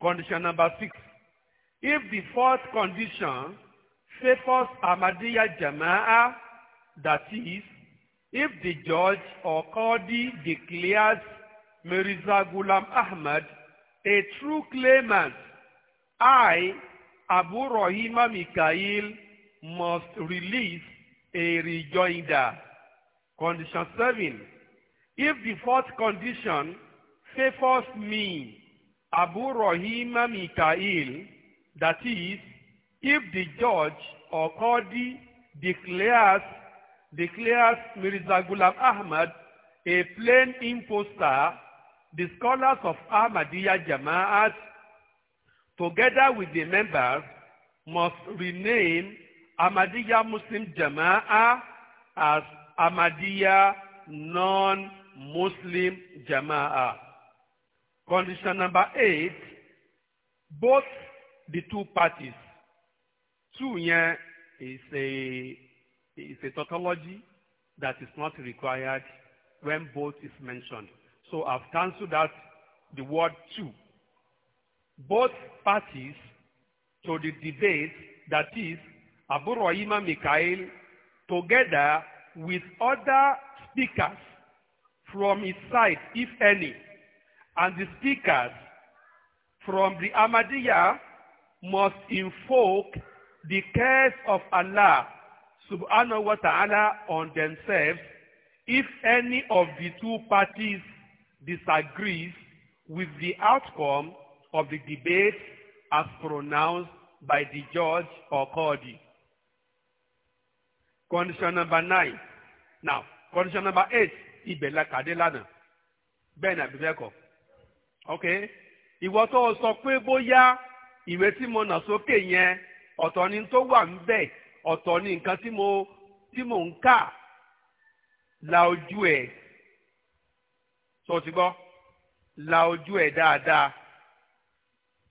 Condition number six. If the fourth condition favors Ahmadiyya Jama'ah, that is, if the judge or Qadi declares Mirza Ghulam Ahmad a true claimant, I, Abu Rahima Mikhail, must release a rejoinder. Condition seven: If the fourth condition favors me, Abu Rahima Mikail, that is, if the judge or Qadi declares, declares Mirza Ghulam Ahmad a plain impostor, the scholars of Ahmadiyya Jama'at, together with the members, must rename Ahmadiyya Muslim Jama'ah as Ahmadiyya Non-Muslim Jama'ah. Condition number eight, both the two parties. Two yẹn is a is a tautology that is not required when both is mentioned. So I've cancelled out the word two. Both parties to the debate, that is, Abu Rahima Mikhail, together with other speakers from his side, if any and the speakers from the Ahmadiyya must invoke the curse of Allah subhanahu wa ta'ala on themselves if any of the two parties disagrees with the outcome of the debate as pronounced by the judge or qadi. Condition number nine. Now, condition number eight, ibẹ̀ la kàdé lánàá. ok ìwọ tó o sọ pé bóyá ìwé tí mo nà sókè yẹn ọ̀tọ̀ ni tó wà ń bẹ̀ ọ̀tọ̀ ni nǹkan tí mo tí mò ń kà la ojú ẹ̀ tó ti gbọ́ la ojú ẹ̀ dáadáa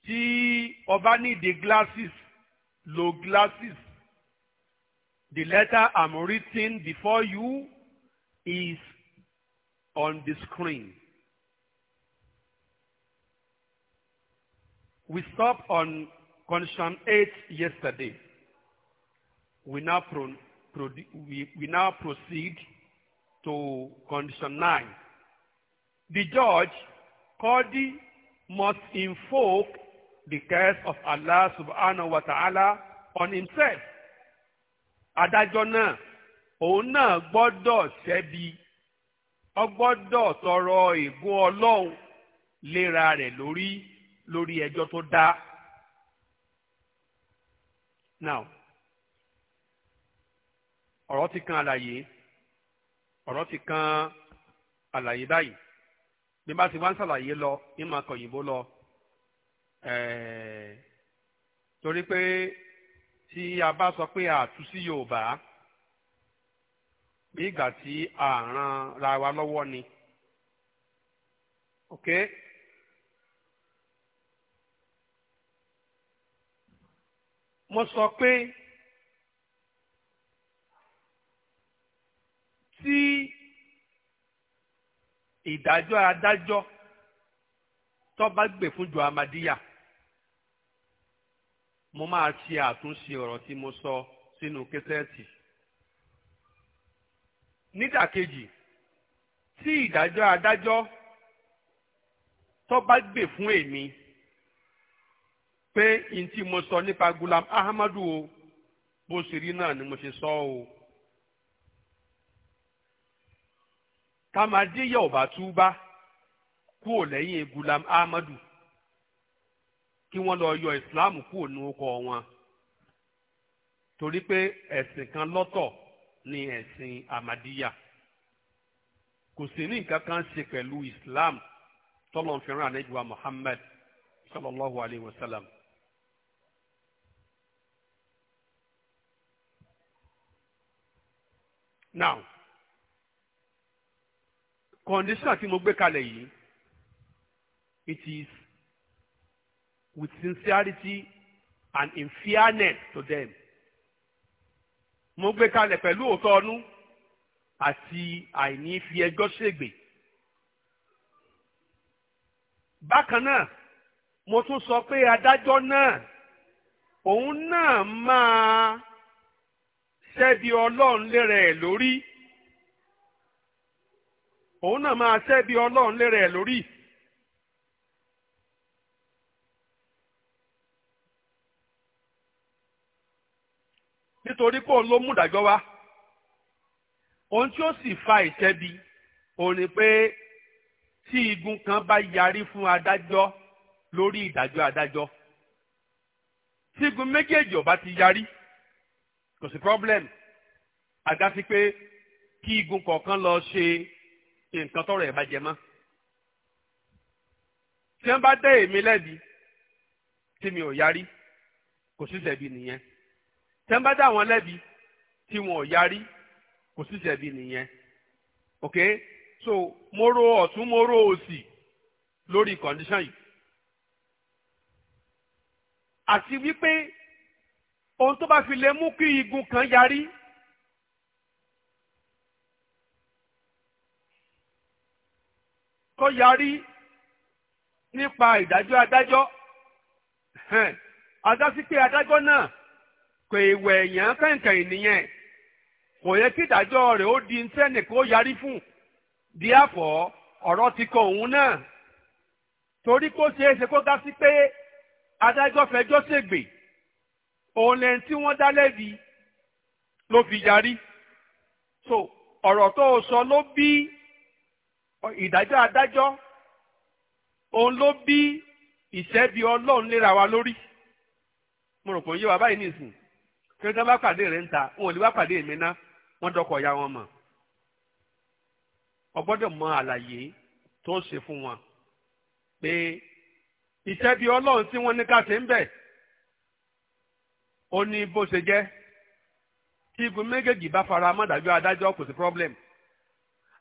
tí ọba glasses lo glasses the letter I'm writing before you is on the screen. We stopped on condition eight yesterday. We now, pro, pro, we, we now proceed to condition nine. The judge, Qadi, must invoke the curse of Allah subhanahu wa ta'ala on himself. Adájọ́ náà, òun náà gbọ́dọ̀ ṣẹ́bi, ó gbọ́dọ̀ tọrọ ègún Ọlọ́run léra rẹ̀ lórí lórí ẹjọ́ tó dá. now ọ̀rọ̀ ti kan àlàyé ọ̀rọ̀ ti kan àlàyé báyìí bí bá ti wá ń ṣàlàyé lọ ní máa kọ òyìnbó lọ torí pé tí a bá sọ pé àtú sí Yorùbá bí ìgbà tí a ràn ra wa lọ́wọ́ ni. Okay? mo sọ pé tí ìdájọ́ adájọ́ tó bá gbè fún jọ amadíyà mo máa ṣe àtúnṣe ọ̀rọ̀ tí mo sọ sínú kẹsẹ́ẹ̀tì nídàkejì tí ìdájọ́ adájọ́ tó bá gbè fún èmi pé n tí mo sọ nípa Gulam Ahmadu o bó ṣe rí náà ni mo ṣe sọ o. tamadíyà ò bá túbá kúò lẹ́yìn Gulam Ahmadu kí wọ́n lọ yọ ìsìláàmù kúò ní ọkọ̀ wọn torí pé ẹ̀sìn kan lọ́tọ̀ ni ẹ̀sìn Ahmadiyya kò sí ní nǹkan kan ṣe pẹ̀lú Islam tọ́lọ́nfẹ́ràn ànábì wa Muhammad sallallahu alayhi wa sallam. now condition tí mo gbé kalẹ̀ yìí it is with sincerity and in fairness to them mo gbé kalẹ̀ pẹ̀lú òótọ́ ọdún àti àìní fi ẹjọ́ ṣègbè bákan náà mo tún sọ pé adájọ́ náà òun náà máa ṣẹ́bi ọlọ́run lérè ẹ̀ lórí òun náà máa ṣẹ́bi ọlọ́run lérè ẹ̀ lórí. nítorí pé òun ló mú ìdájọ́ wá ohun tí ó sì fa ìṣẹ́bi òun ni pé tí igun kan bá yarí fún adájọ́ lórí ìdájọ́ adájọ́ tí igun méjèèjì ò ti yarí kò sí problem àgásí pé kí igun kọ̀ọ̀kan lọ ṣe nǹkan tọrọ ẹ̀ bá jẹ mọ́ tí wọ́n bá dẹ́ èmi lẹ́bi tí mi ò yarí kò sí ṣẹ̀bi nìyẹn tí wọ́n bá dá àwọn lẹ́bi tí wọn ò yarí kò sí ṣẹ̀bi nìyẹn ok so mo ro ọ̀tún mo ro òsì lórí condition yìí àti wípé ohun tó bá fi lè mú kí igun kan yarí kó yarí nípa ìdájọ́ adájọ́ adásí pé adájọ́ náà kò ìwẹ̀ èèyàn kẹ̀kẹ́ nìyẹn kò yẹ kí ìdájọ́ rẹ̀ ó di sẹ́nì kó yarí fún díàfọ̀ ọ̀rọ̀ ti kọ òun náà torí kó ṣeé ṣe kó dá sí pé adájọ́ fẹjọ́ ṣègbè òun lẹ́yìn tí wọ́n dá lẹ́bi ló fi yarí so ọ̀rọ̀ tó o sọ ló bí ìdájọ́ adájọ́ òun ló bí ìṣẹ́bi ọlọ́run léra wa lórí mo rò pé yé wa báyìí nìsín kí wọ́n bá pàdé rẹ̀ ń ta wọn ò lè wá pàdé mi ná wọ́n dọkọ̀ ya wọn mọ̀ o gbọ́dọ̀ mọ àlàyé tó ṣe fún wọn pé ìṣẹ́bi ọlọ́run tí wọ́n ní ká ṣe ń bẹ̀ ó ní bó ṣe jẹ́ tí igun méjèèjì bá fara mọ́ ìdájọ́ adájọ́ kò sí problem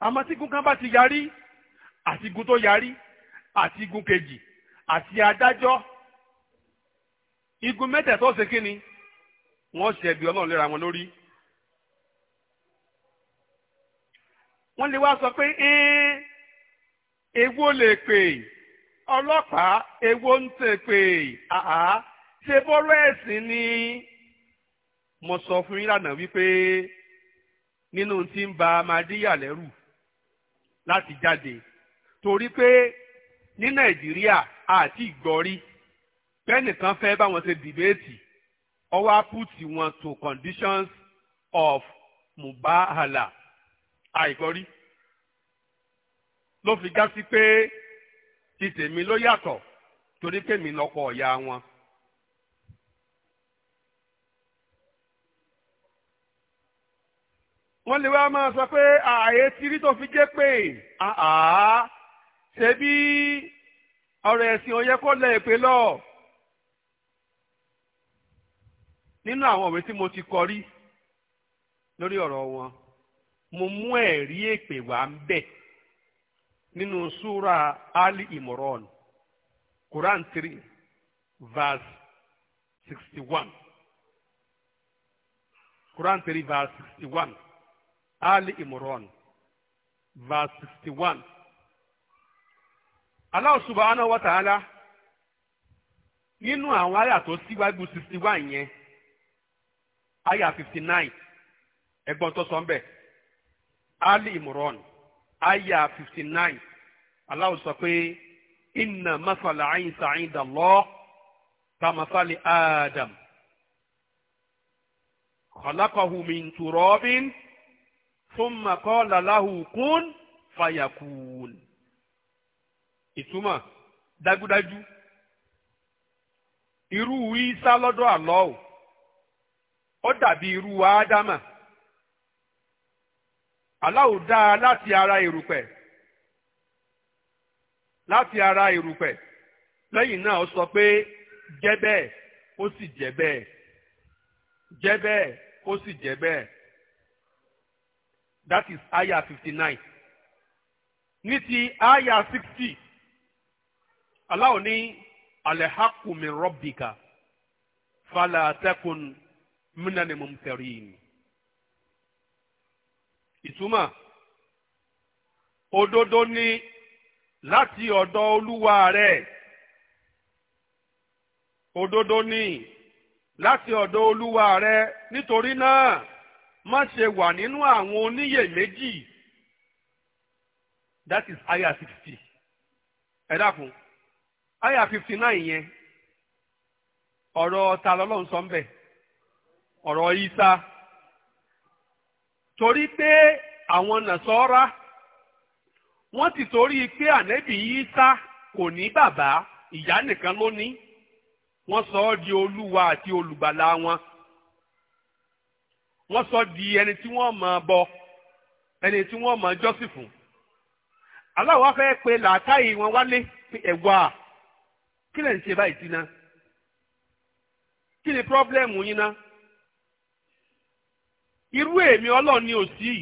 àmọ́ tí igun kan bá ti yarí àti igun tó yarí àti igun kejì àti adájọ́ igun mẹ́tẹ̀ẹ̀tọ́ ó ṣe kí ni wọ́n ṣẹ̀bi ọlọ́run léra wọn lórí. wọ́n lè wá sọ pé èwo lè pè ọlọ́pàá èwo ń tè pè àhá ṣe bọ́rọ̀ ẹ̀sìn ni mo sọ fún yín lánàá wípé nínú tí ń ba amadíyà lẹ́rù láti jáde torí pé ní nàìjíríà àti ìgbọ́rí pẹ́nìkan fẹ́ bá wọn ṣe dìbéètì ọwọ́ á put wọn to conditions of mubahala àìgbọ́rí ló fi já sí pé ti tèmi ló yàtọ̀ torí pé mi lọ́kọ ọ̀ya wọn wọ́n lè wá máa sọ pé ààyè ti rí tó fi jẹ́ pé àá ṣe bí ọ̀rọ̀ ẹ̀sìn ó yẹ kó lẹ lọ. nínú àwọn ìwé tí mo ti kọ rí lórí ọ̀rọ̀ wọn mo mú ẹ̀rí èpè wá ń bẹ̀ nínú súra ali imoran quran three verse sixty one quran three verse sixty one. Ali Imran, verse 61. Allah subhanahu wa ta'ala nínú àwọn àyà tó síwájú 61 yẹn àyà 59 ẹgbọ́n tó sọ ń bẹ̀ Ali Imran àyà 59 Allah sọ pé inna masala anyị inda Allah ka masali Adam khalaqahu min thumma qala lahu kun fayakun. ìtumọ̀ dájúdájú irú Ìsá lọ́dọ̀ àlọ́ o ó dàbí irú ádámà aláwo dá láti ara erùpẹ̀ láti ara erùpẹ̀ lẹ́yìn náà ó sọ pé jẹ́ bẹ́ẹ̀ ó sì jẹ́ bẹ́ẹ̀ jẹ́ bẹ́ẹ̀ ó sì jẹ́ bẹ́ẹ̀. that is aya fifty nine ní ti aya sixty Allah ní alhaqqu min rabbika fala takun minal mumtarin ìtumọ̀ òdodo ni láti ọ̀dọ̀ olúwa rẹ̀ òdodo ni láti ọ̀dọ̀ olúwa rẹ̀ nítorí náà. má ṣe wà nínú àwọn méjì that is aya sixty ẹ dákun aya fifty nine yẹn ọ̀rọ̀ ta lọ́lọ́run sọ ń bẹ̀ ọ̀rọ̀ isa torí pé àwọn nàṣọ́ra wọ́n ti torí pé ànẹ́bì isa kò ní bàbá ìyá nìkan ló wọ́n di olúwa àti olùgbàlà wọn wọ́n sọ di ẹni tí wọ́n máa bọ ẹni tí wọ́n máa jọ́sìn aláwọ̀ Allah wá fẹ́ pe làákàyè wọn wálé pé ẹ̀wà kí lè ń ṣe báyìí sí kí ni pírọ́blẹ́mù yín náà irú èmi ọlọ́ọ̀ ni ò sí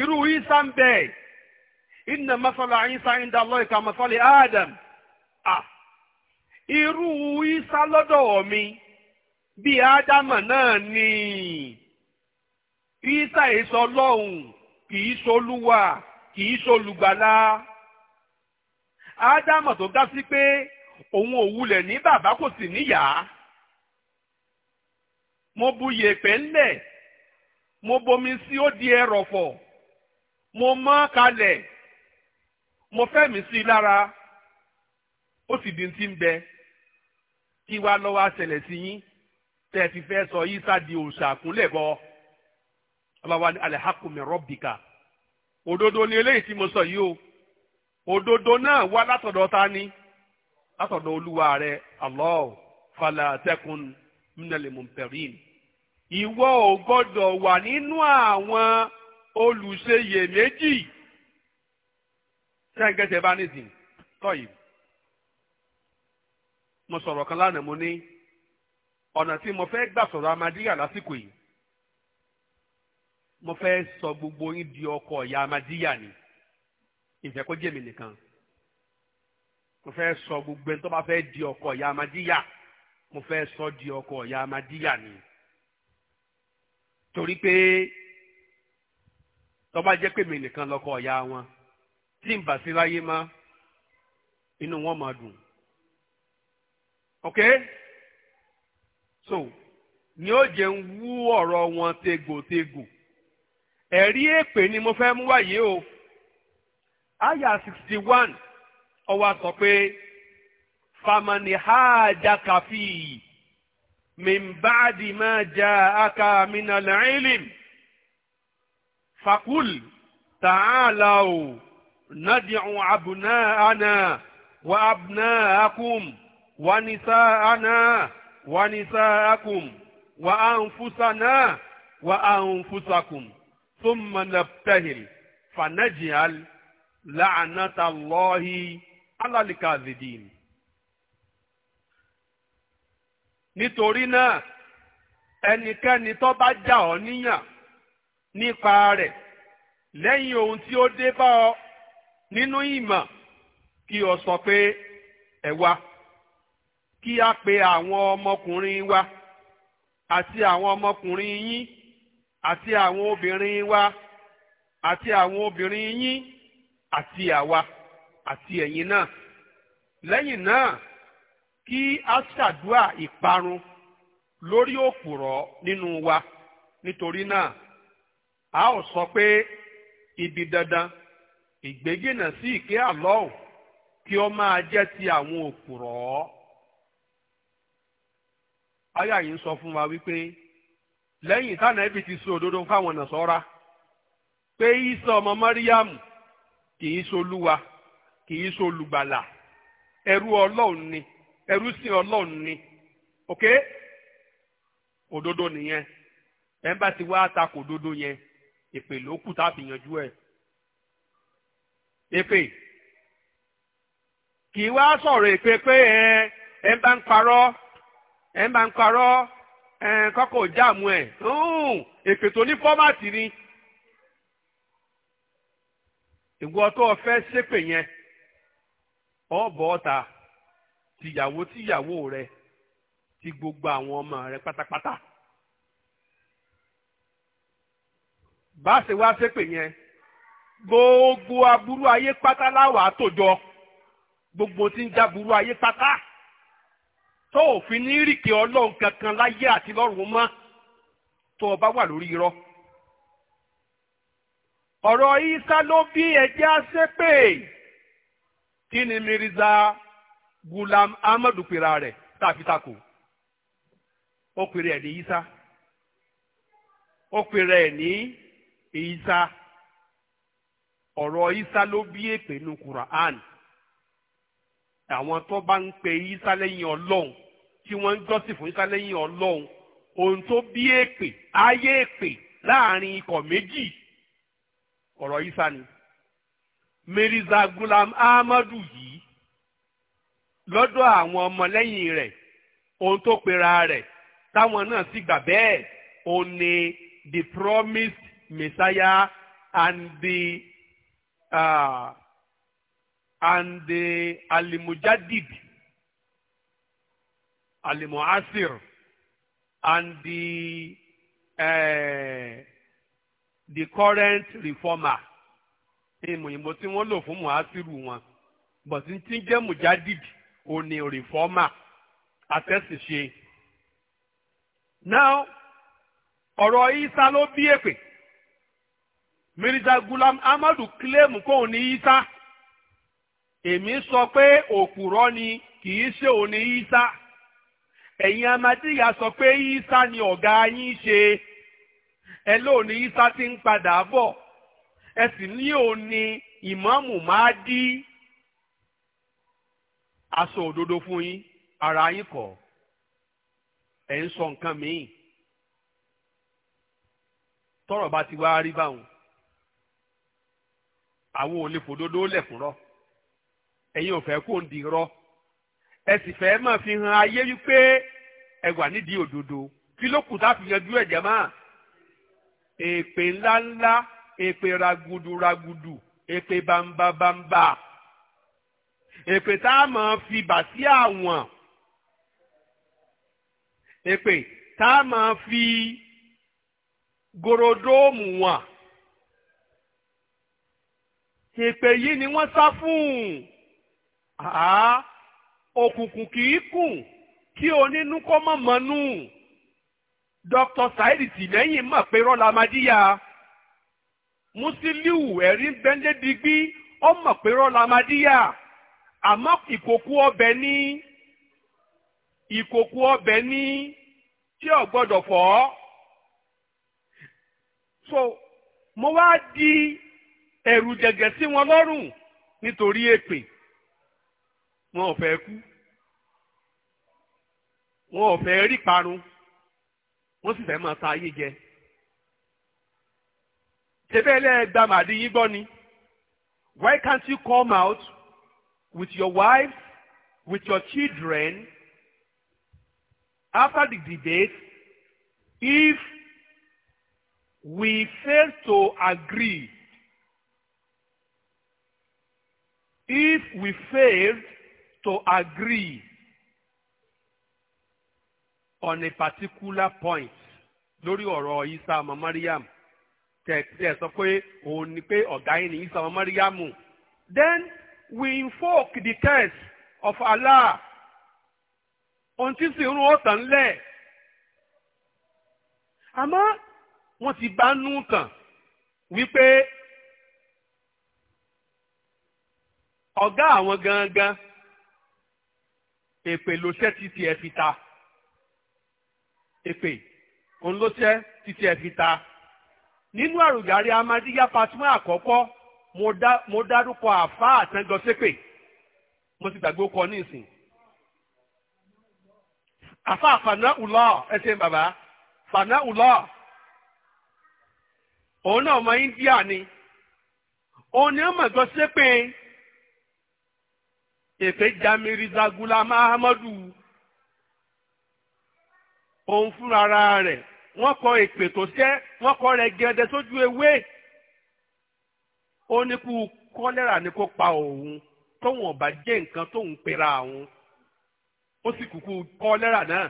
irú isa ń bẹ̀ inna masala isa inda Allah ka masala Adam irú irú isa lọ́dọ̀ mi bí ádámà náà ni ìsà èso ọlọ́run kì í ṣolúwa kì í ṣolùgbàlà ádámà tó dá sí pé òun ò wulẹ̀ ní bàbá kò sì níyàá mo bu yèèpẹ̀ ńlẹ̀ mo bomi sí ó di ẹrọ̀fọ̀ mo mọ́ kalẹ̀ mo fẹ́mi sí lára ó sì di ti ń bẹ kí wàá lọ́wọ́ àṣẹlẹ̀ sí yín tẹ́ ẹ fi fẹ́ sọ yísà di òòṣà àkúnlẹ̀ bọ ọlọ́wà ní alẹ́hàkù mi rọ́bìkà òdodo ni eléyìí tí mo sọ yìí o òdodo náà wá látọ̀dọ̀ ta ni látọ̀dọ̀ olúwa rẹ Allah falatẹ́kùn mnẹlẹmùpẹ̀rin ìwọ ò gbọ́dọ̀ wà nínú àwọn olùṣeyèméjì sẹ́ńgẹ́sẹ̀ bá nìsín tọ́yì mo sọ̀rọ̀ kan lánàá mo ní ọ̀nà tí mo fẹ́ gbà sọ̀rọ̀ amadíyà lásìkò yìí mo fẹ́ sọ gbogbo yín di ọkọ ìyá amadíyà ni ìfẹ́ kó jẹ́ mi nìkan mo fẹ́ sọ gbogbo ẹni tó bá fẹ́ di ọkọ ìyá amadíyà mo fẹ́ sọ di ọkọ ìyá amadíyà ni torí pé tó bá jẹ́ pé mi nìkan lọ́kọ ìyá wọn tí n bà sí láyé má inú wọn máa dùn. Okay? so ni ó jẹ́ ń wú ọ̀rọ̀ wọn tegòtegò ẹ̀rí èpè ni mo fẹ́ mú wáyé o aya sixty one ó wá sọ pé famani hajaka fi min ba'di ma ja'aka min al-ilm fakul ta'alaw nad'u abna'ana wa abna'akum wa nisa'ana. ونساءكم وأنفسنا وأنفسكم ثم نبتهل فنجعل لعنة الله على الكاذبين nítorí náà ẹnikẹ́ni tó bá jà ọ́ níyàn nípa rẹ̀ lẹ́yìn ohun tí re ohun ti o wá. kí a pe àwọn ọmọkùnrin wa àti àwọn ọmọkùnrin yín àti àwọn obìnrin wa àti àwọn obìnrin yín àti àwa àti ẹ̀yin náà lẹ́yìn náà kí a ṣàdúà ìparun lórí òpùrọ̀ nínú wa nítorí náà a ò sọ pé ibi dandan ìgbégínà sí ìké àlọ́ọ̀ kí ó máa jẹ́ ti àwọn òpùrọ̀ ọ́. àyà yìí ń sọ fún wa wípé lẹ́yìn táwọn ẹbí ti sọ òdodo fáwọn ọ̀nà nàṣọ́ra pé Ìsá ọmọ Mariam kì í ṣolúwa kì í ṣolùgbàlà ẹrú ọlọ́run ni ẹrú sí ọlọ́run ni ok òdodo nìyẹn ẹ ti wá takò òdodo yẹn èpè ló kù tá a fi yanjú ẹ èpè kì í wá sọ̀rọ̀ èpè pé ẹ ẹ bá ń parọ́ ẹ̀ ń bá ń parọ́ ẹ̀ kọ́kọ́ jáàmù ẹ̀ èpè tó ní fọ́màtì ni ìwọ tó o fẹ́ ṣépè yẹn ọ̀bọ̀ ọ̀tà tìyàwó tìyàwó rẹ ti gbogbo àwọn ọmọ rẹ pátápátá bá a ṣe wá yẹn gbogbo aburú ayé pátá láwàá tòjọ gbogbo tí ń já burú ayé pátá tó ò fi ní rìkì ọlọ́run kankan láyé àti lọ́run mọ́ tó o bá wà lórí irọ́. ọ̀rọ̀ isa ló bí ẹ̀jẹ̀ àṣepè kí ni Mirza Gulam Ahmadu pera rẹ̀ tàbí takò ó pèrè ẹ̀ ní isa ó pèrè ẹ̀ ní isa ọ̀rọ̀ isa ló bí èpè nu Quran àwọn tó bá ń pe isa lẹ́yìn ọlọ́run tí wọ́n ń jọ́sìn fún Ìsá lẹ́yìn Ọlọ́run ohun tó bí èpè ayé èpè láàrin ikọ̀ méjì ọ̀rọ̀ Ìsá ni Mirza Gulam Ahmadu yìí lọ́dọ̀ àwọn ọmọlẹ́yìn rẹ̀ ohun tó pera rẹ̀ táwọn náà sì gbà bẹ́ẹ̀ ó ní the promised Messiah and the uh, and the alimujadid al and the uh, the current reformer ìmọ̀ ìmọ̀ tí wọ́n lò fún mu'asiru wọn bọ̀tí tí ń jẹ́ mujadid òní reformer àtẹ̀síṣe. now ọ̀rọ̀ isa ló bí èpè mirza gulam amadu kílẹ̀mù kóun ní isa èmi sọ pé òpùrọ́ ni kì í ṣe òní isa. ẹ̀yin amadíyà sọ pé isa ni ọ̀gá yín ṣe ẹ ní isa ti ń padà bọ̀ ẹ sì ní òní ìmáàmù máa dí aṣọ òdodo fún yín ara yín kọ ẹ ń sọ nǹkan míì tọ́rọ̀ bá ti wá rí báwọn àwọn ò lè fòdodo lẹ̀ fún rọ ẹ̀yin ò kó ń di rọ. ẹ sì fẹ́ máa fi hàn ayé wípé ẹ wà nídìí òdodo kí ló kù tá yanjú ẹ̀jẹ̀ máa èpè ńláńlá èpè ragudu ragudu èpè bambabamba èpè tá a máa fi bà sí àwọn èpè tá a máa fi gorodóòmù wọn èpè yìí ni wọ́n sá fún un òkùnkùn kì í kùn kí onínú kọ́ mọ̀ mọ́nú Dr. Saheed Tìlẹ́yìn mọ̀ pé rọ́lá madíyà Musiliu ẹ̀rí bẹ́ńdẹ́ digbí ó mọ̀ pé rọ́lá madíyà àmọ́ ìkòkò ọbẹ̀ ní ìkòkò ọbẹ̀ ní tí ò gbọ́dọ̀ fọ́ so mo wá di ẹ̀rù jẹ̀gẹ̀ sí wọn lọ́rùn nítorí èpè. E wọn ò fẹ́ kú wọn ò fẹ́ rí parun wọ́n sì fẹ́ máa ta ayé jẹ. tẹ́fẹ́lẹ́ gba màdí yín gbọ́ ni why can't you come out with your wife with your children after the debate if we fail to agree if we fail to agree on a particular point lórí ọ̀rọ̀ isa ọmọ mariam tẹ̀ sọ pé òun ni pé ọ̀gá yìí ni isa ọmọ mariam then we invoke the test of Allah until tí sì ń ó tàn lẹ̀ àmọ́ wọ́n ti bá nú tàn wípé ọ̀gá àwọn gangan èpè ló ṣẹ́ ti tiẹ̀ fi ta èpè òun ló ṣẹ́ ti tiẹ̀ fi ta nínú àròjàre amadíyá patimọ́ àkọ́kọ́ mo dá mo dárúkọ àfa àtẹ́jọsépè mo ti gbàgbé ọkọ ní ìsìn àfa àfànà ùlọ ẹ ṣe bàbá fànà ùlọ òun náà ọmọ India ni òun ni ó mọ̀ jọ sépè èpè já Mirza Gulam Ahmadu òun fúnra rẹ̀ wọ́n kọ èpè tó ṣẹ́ wọ́n kọ rẹ̀ gẹ̀ẹ́dẹ́ sójú ewé ó ní kú kọ́lẹ́rà ní kó pa òun tóun ọ̀bà jẹ́ nǹkan tóun pera òun ó sì kúkú kọ́lẹ́rà náà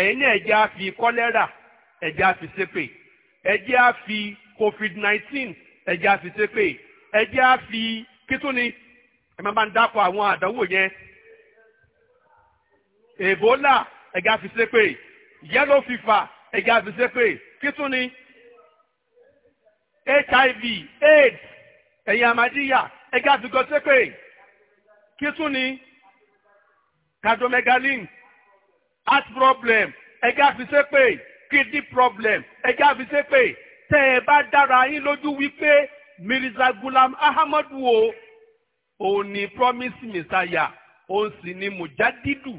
ẹ̀yin ní ẹ̀jẹ̀ á fi kọ́lẹ́rà ẹ̀jẹ̀ á fi ṣépè ẹ̀jẹ̀ á fi covid nineteen ẹ̀jẹ̀ á fi ṣépè ẹ̀jẹ̀ á fi kí tún ni ẹ máa bá ń dápọ̀ àwọn àdánwò yẹn Ebola ẹ̀gá fi ṣépè yellow fever ẹ̀gá fi ṣépè kí tún ni HIV AIDS ẹ̀yìn àmàdíyà ẹ̀gá fi gọ ṣépè kí tún ni cardomegaline heart problem ẹ̀gá fi ṣépè kidney problem ẹ̀gá fi ṣépè tẹ́ ẹ bá dára yín lójú wípé Mirza Gulam o òun ni promise messiah òun sì ni mujadidu.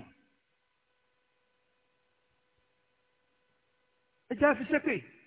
ẹ jẹ́ àfi ṣépè.